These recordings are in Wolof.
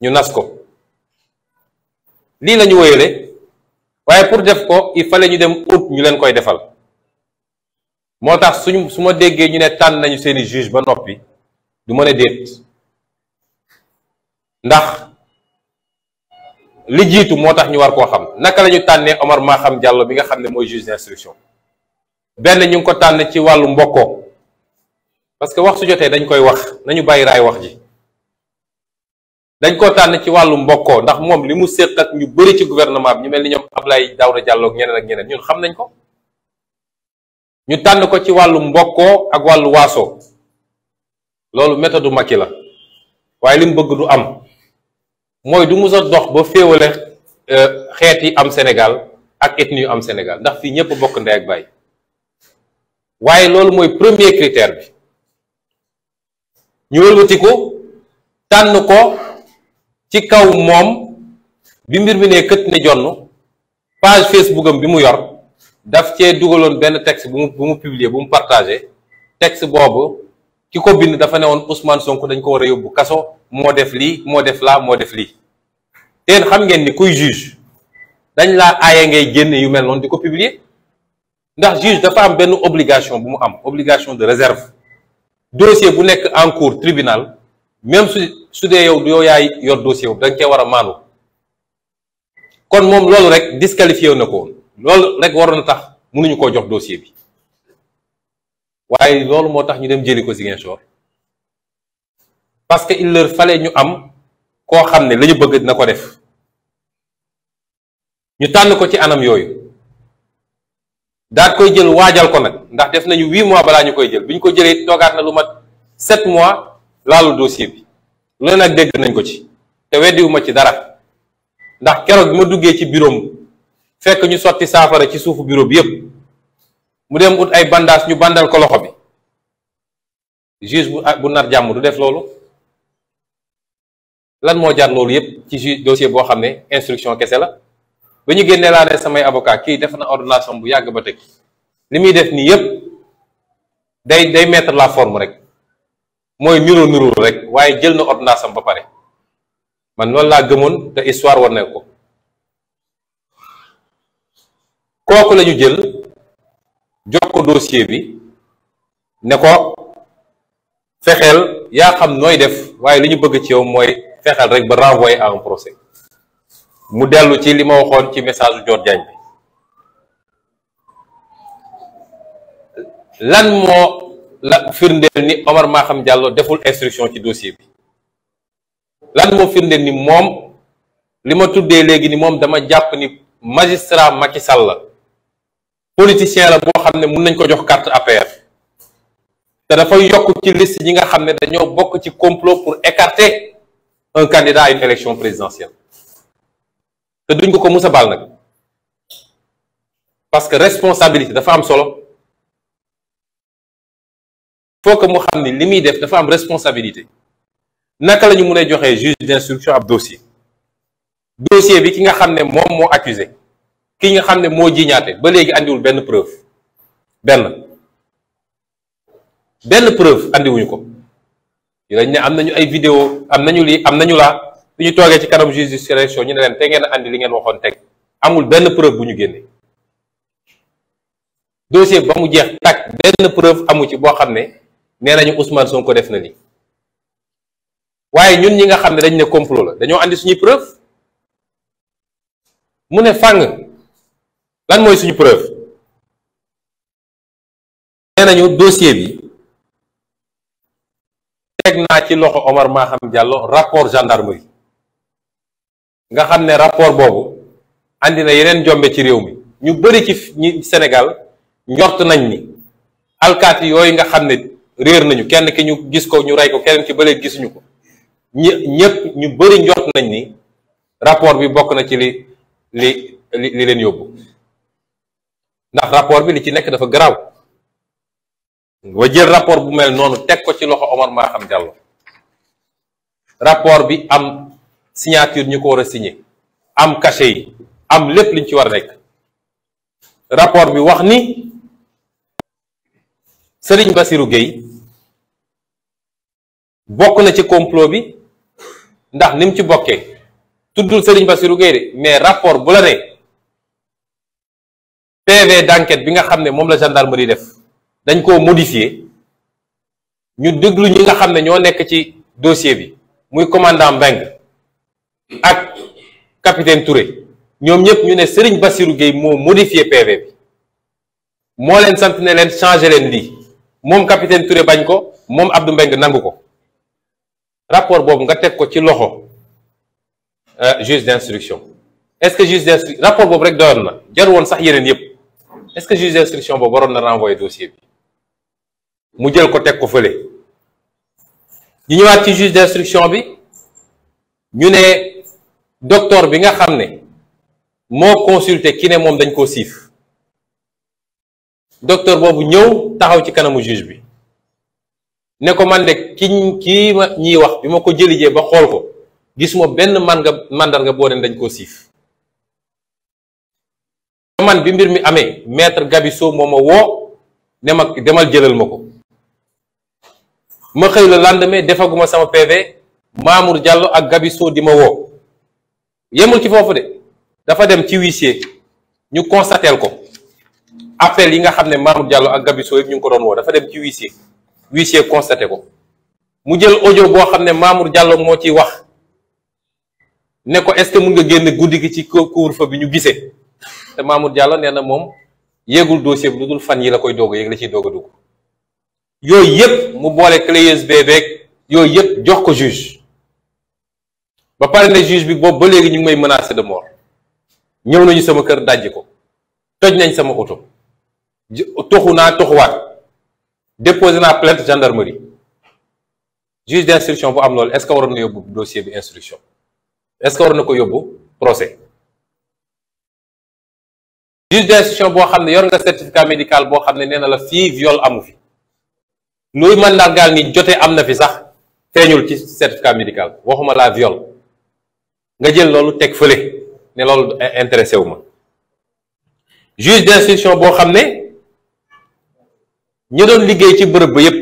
ñu nas ko lii la ñu wéyale waaye pour def ko il fallait ñu dem ut ñu leen koy defal moo tax suñu su ma déggee ñu ne tànn nañu seeni juge ba noppi du mën a déet ndax li jiitu moo tax ñu war koo xam naka la ñu tànnee Omar Maham Diallo bi nga xam ne mooy juge d'instruction benn ñu ngi ko tànn ci wàllu mbokkoo parce que wax su jotee dañ koy wax nañu bàyyi raay wax ji dañ ko tànn ci wàllu mbokkoo ndax moom li mu séq ak ñu bëri ci gouvernement bi ñu mel ni ñoom Abdoulaye Daouda Diallo ak ñeneen ak ñeneen ñun xam nañ ko ñu tànn ko ci wàllu mbokkoo ak wàllu waaso loolu méthode Macky la waaye lim bëgg du am mooy du mus a dox ba féewale euh, xeet yi am Sénégal ak ethnie yu am Sénégal ndax fii ñëpp bokk ndey ak baay waaye loolu mooy premier critère bi ñu wëlbati tànn ko ci kaw moom bi mbir mi ne kët ne jonn page Facebook am bi mu yor daf cee dugaloon benn texte bu mu bu mu publier bu mu partagé texte boobu ki ko bind dafa ne woon Ousmane sonk dañ ko war a yóbbu kaso moo def lii moo def laa moo def lii teen xam ngeen ni kuy juge dañ laa aaye ngay génn yu mel noonu di ko publier ndax juge dafa am benn obligation bu mu am obligation de réserve dossier bu nekk en cours tribunal même su su dee yow yow yaay yor dossier boobu da kee war a maandu kon moom loolu rek disqualifié na ko loolu rek waroon na tax mënuñu koo jox dossier bi waaye loolu moo tax ñu dem jëli ko Ziguinchor parce que il leur ñu am koo xam ne lañu bëgg dina ko def ñu tànn ko ci anam yooyu daat koy jël waajal ko nag ndax def nañu huit mois balaa ñu koy jël bu ñu ko jëlee toogaat na lu mat sept mois laalu dossier bi. lu nag dégg nañ ko ci te weddiwuma ci dara ndax keroog bi ma duggee ci bureau fekk ñu sotti saafara ci suufu bureau bi yépp mu dem ut ay bandaas ñu bandal ko loxo bi juge bu ah, bu nar jàmm du def loolu lan moo jar loolu yépp ci ju dossier boo xam ne instruction kese la ba ñu génnee laa ne samay avocat kii def na ordonnance bu yàgg ba teg li muy def nii yépp day day mettre la forme rek mooy niroo niroo rek waaye jël na ordonnance am ba pare man noonu laa gëmoon te histoire war na ko kooku lañu jël jox ko dossier bi ne ko fexeel yaa xam nooy def waaye li ñu bëgg ci yow mooy fexeel rek ba renvoyer à un procès mu dellu ci li ma waxoon ci message Dior Diagne bi lan moo la firndeel ni Omar Maham Diallo deful instruction ci dossier bi lan moo firndeel ni moom li ma tuddee léegi ni moom dama jàpp ni magistrat Macky Sall la politicien la boo xam ne mun nañ ko jox carte APR te dafa yokk ci liste ñi nga xam ne dañoo bokk ci complot pour écarté un candidat à une élection présidentielle te duñ ko ko musa baal nag parce que responsabilité dafa am solo faut que mu xam ni li muy def dafa am responsabilité naka la ñu mun a joxee juge d'instruction ab dossier dossier bi ki nga xam ne moom moo accusé ki nga xam ne moo jiñaate ba léegi andiwul benn preuve benn benn preuve andiwuñu ko lañ ne am nañu ay vidéo am nañu lii am nañu la su ñu toogee ci kanam juge d'instruction ñu ne leen te ngeen andi li ngeen waxoon teg amul benn preuve bu ñu génnee dossier ba mu jeex tàkk benn preuve amu ci boo xam ne nee nañu Ousmane Sonko def na lii waaye ñun ñi nga xam ne dañ ne complot la dañoo andi suñuy preuve mu ne fàng lan mooy suñu preuve nee nañu dossier bi teg naa ci loxo Omar Maham Diallo rapport gendarmerie nga xam ne rapport boobu àndina yeneen jombe ci réew mi ñu bari ci ñi Sénégal njort nañ ni alkaati yooyu nga xam ne réer nañu kenn ki ñu gis ko ñu rey ko keneen ki ba léegi gisuñu ko ñë ñëpp ñu bari njort nañ ni rapport bi bokk na ci li li li leen yóbbu ndax rapport bi li ci nekk dafa garaaw nga jël rapport bu mel noonu teg ko ci loxo Omar Maham Diallo rapport bi am signature ñu ko war a signé am cachet yi am lépp liñ ci war a nekk rapport bi wax ni Serigne basiru géey bokk na ci complot bi ndax ni ci bokkee tuddul Serigne Bassirou Gueye de mais rapport bu la ne PV d'enquête bi nga xam ne moom la di def dañ koo modifier ñu déglu ñi nga xam ne ñoo nekk ci dossier bi muy commandant Mbengue ak capitaine Touré ñoom ñëpp ñu ne Serigne Bassirou Gueye moo modifié PV bi moo leen sant ne leen changé leen lii moom capitaine Touré bañ ko moom Abdou Mbengue nangu ko. rapport boobu nga teg ko ci loxo euh, juge d'instruction est-ce que juge d'instruction rapport boobu rek doyoon na jar woon sax yeneen yëpp est-ce que juge d'instruction boobu waroon na renvoyer dossier bi mu jël ko teg ko fële ñu ñëwaat ci juge d'instruction bi ñu ne docteur bi nga xam ne moo consulter ki ne moom dañ koo siif docteur boobu ñëw taxaw ci kanamu juge bi ne ko man de ki kii ma ñiy wax bi ma ko jëlijee ba xool ko gisuma benn man nga màndarga boo leen dañ koo siif man bi mbir mi amee maître Gabisso moo ma woo ne ma demal jëlal ma ko ma xëy la lendemain defaguma sama PV Mamour Diallo ak Gabisso di ma woo yemul ci foofu de dafa dem ci huissier ñu constatel ko appel yi nga xam ne Mamour Diallo ak Gabisso yëpp ñu ngi ko doon woo dafa dem ci huissier huissier constaté ko mu jël audio boo xam ne Mamour Diallo moo ci wax nekko ko est-ce que mun nga génn guddi gi ci couvre-feu bi ñu gisee te Mamour Diallo nee na moom yéegul dossier bi lu dul fan yi la koy doog a la ciy doog a dugg yooyu yëpp mu boole clé USB yooyu yëpp jox ko juge ba pare ne juge bi boobu ba léegi ñu ngi may menacer de mort ñëw nañu sama kër dajj ko toj nañ sama oto toxu naa toxuwaat déposé naa plainte gendarmerie juge d'instruction bu am loolu est-ce que waroon na yóbbu dossier bi instruction est-ce que waroon na ko yóbbu procès juge d'instruction boo xam ne yor nga certificat médical boo xam ne nee la fii viol amu fi luy mandargaal ni jote am na fi sax feeñul ci certificat médical waxuma laa viol nga jël loolu teg fële ne loolu intéressé wu ma d'instruction boo xam ne ñi doon liggéey ci bërëb ba yépp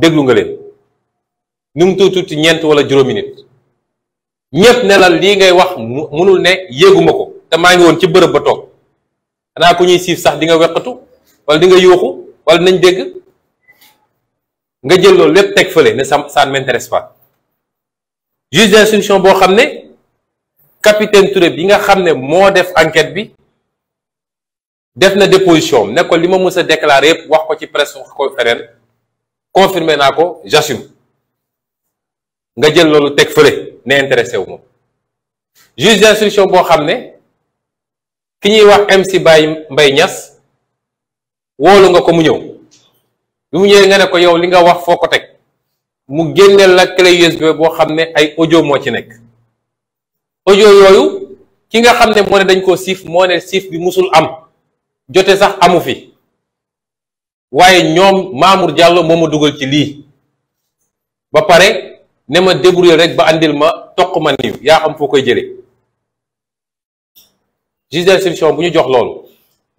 déglu nga leen nu mu tuuti tuuti ñeent wala juróomi nit ñépp ne la ngay wax mu mënul ne yéeguma ko te maa ngi woon ci bërëb ba toog xanaa ku ñuy siif sax di nga weqatu wala di nga yuuxu wala nañ dégg nga jël loolu lépp teg fële ne ça ça ne m'intéresse pas juge boo xam ne capitaine Touré yi nga xam ne moo def enquête bi def na déposition am ne ko li ma mës a déclaré wax ko ci presse wax ko feneen confirmé naa ko j'assume nga jël loolu teg fële ne intéressé wu ma juge d'instruction boo xam ne ki ñuy wax MC Baye mbay ñas woolu nga ko mu ñëw bi mu ñëwee nga ne ko yow li nga wax foo ko teg mu génneel la clé USB boo xam ne ay audio moo ci nekk audio yooyu ki nga xam ne moo ne dañ koo siif moo ne siif bi musul am jote sax amu fi waaye ñoom Mamour Diallo moo ma dugal ci lii ba pare ne ma débrouiller rek ba andil ma toq ma niiw yaa xam foo koy jëlee juge d'instruction bu ñu jox loolu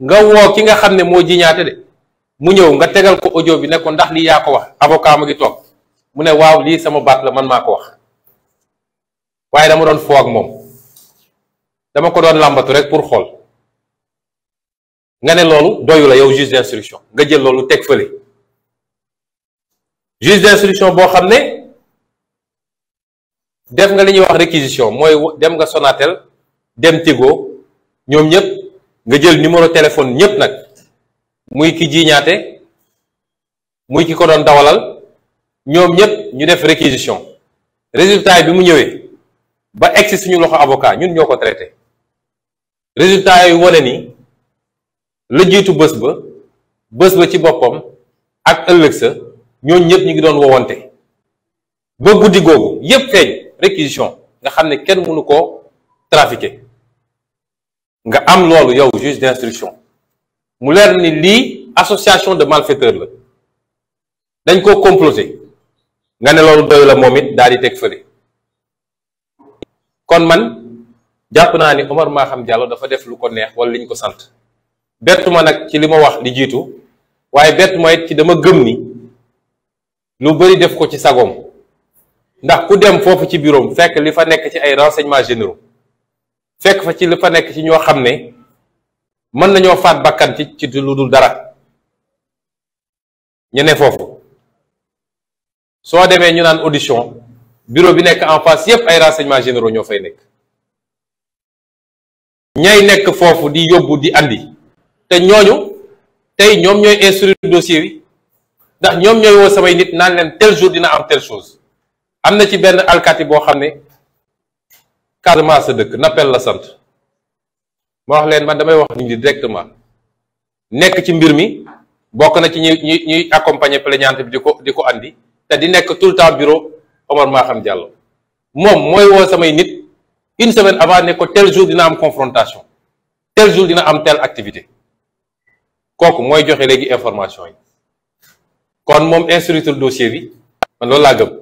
nga woo ki nga xam ne moo jiñaate de mu ñëw nga tegal ko audio bi ne ko ndax lii yaa ko wax avocat ma ngi toog mu ne waaw lii sama baat la man maa ko wax waaye dama doon foo ak moom dama ko doon làmbatu rek pour xool nga ne loolu doyu la yow juge d'instruction nga jël loolu teg fële juge d'instruction boo xam ne def nga li ñuy wax réquisition mooy dem nga Sonatel dem Tigo ñoom ñëpp nga jël numéro téléphone ñëpp nag muy ki jiiñaate muy ki ko doon dawalal ñoom ñëpp ñu def réquisition résultat bi mu ñëwee ba egsi suñu loxo avocat ñun ñoo ko traité résultat yi wane ni. la jiitu bës ba bës ba ci boppam ak ëllëg sa ñooñu ñëpp ñu ngi doon wowante ba guddi googu yëpp feeñ réquisition nga xam ne kenn mënu ko trafiqué nga am loolu yow juge d'instruction mu leer ni lii association de malfaiteurs la dañ koo comploté nga ne loolu doy la moom it daal di teg fële kon man jàpp naa ni maa xam Diallo dafa def lu ko neex wala liñ ko sant bettuma nag ci li ma wax li jiitu waaye bettuma it ci dama gëm ni lu bari def ko ci sagoom ndax ku dem foofu ci bureau fekk li fa nekk ci ay renseignements généraux fekk fa ci li fa nekk ci ñoo xam ne mën nañoo faat bakkanti ci lu dul dara ñu ne foofu soo demee ñu naan audition bureau bi nekk en face yépp ay renseignements généraux ñoo fay nekk ñay nekk foofu di yóbbu di andi te ñooñu tey ñoom ñooy instruire dossier bi ndax ñoom ñooy woo samay nit naan leen tell jour dina am telle chose am na ci benn alkaati boo xam ne Casamance sa dëkk Nappel la sant moo wax leen man damay wax nit ñi directement nekk ci mbir mi bokk na ci ñuy ñuy ñuy accompagner plaignante bi di ko di ko andi te di nekk tout temps bureau Omar Maham Diallo moom mooy woo samay nit une semaine avant ne ko tel jour dina am confrontation tel jour dina am telle activité. kooku mooy joxe léegi information yi kon moom instruire dossier bi man loolu laa gëm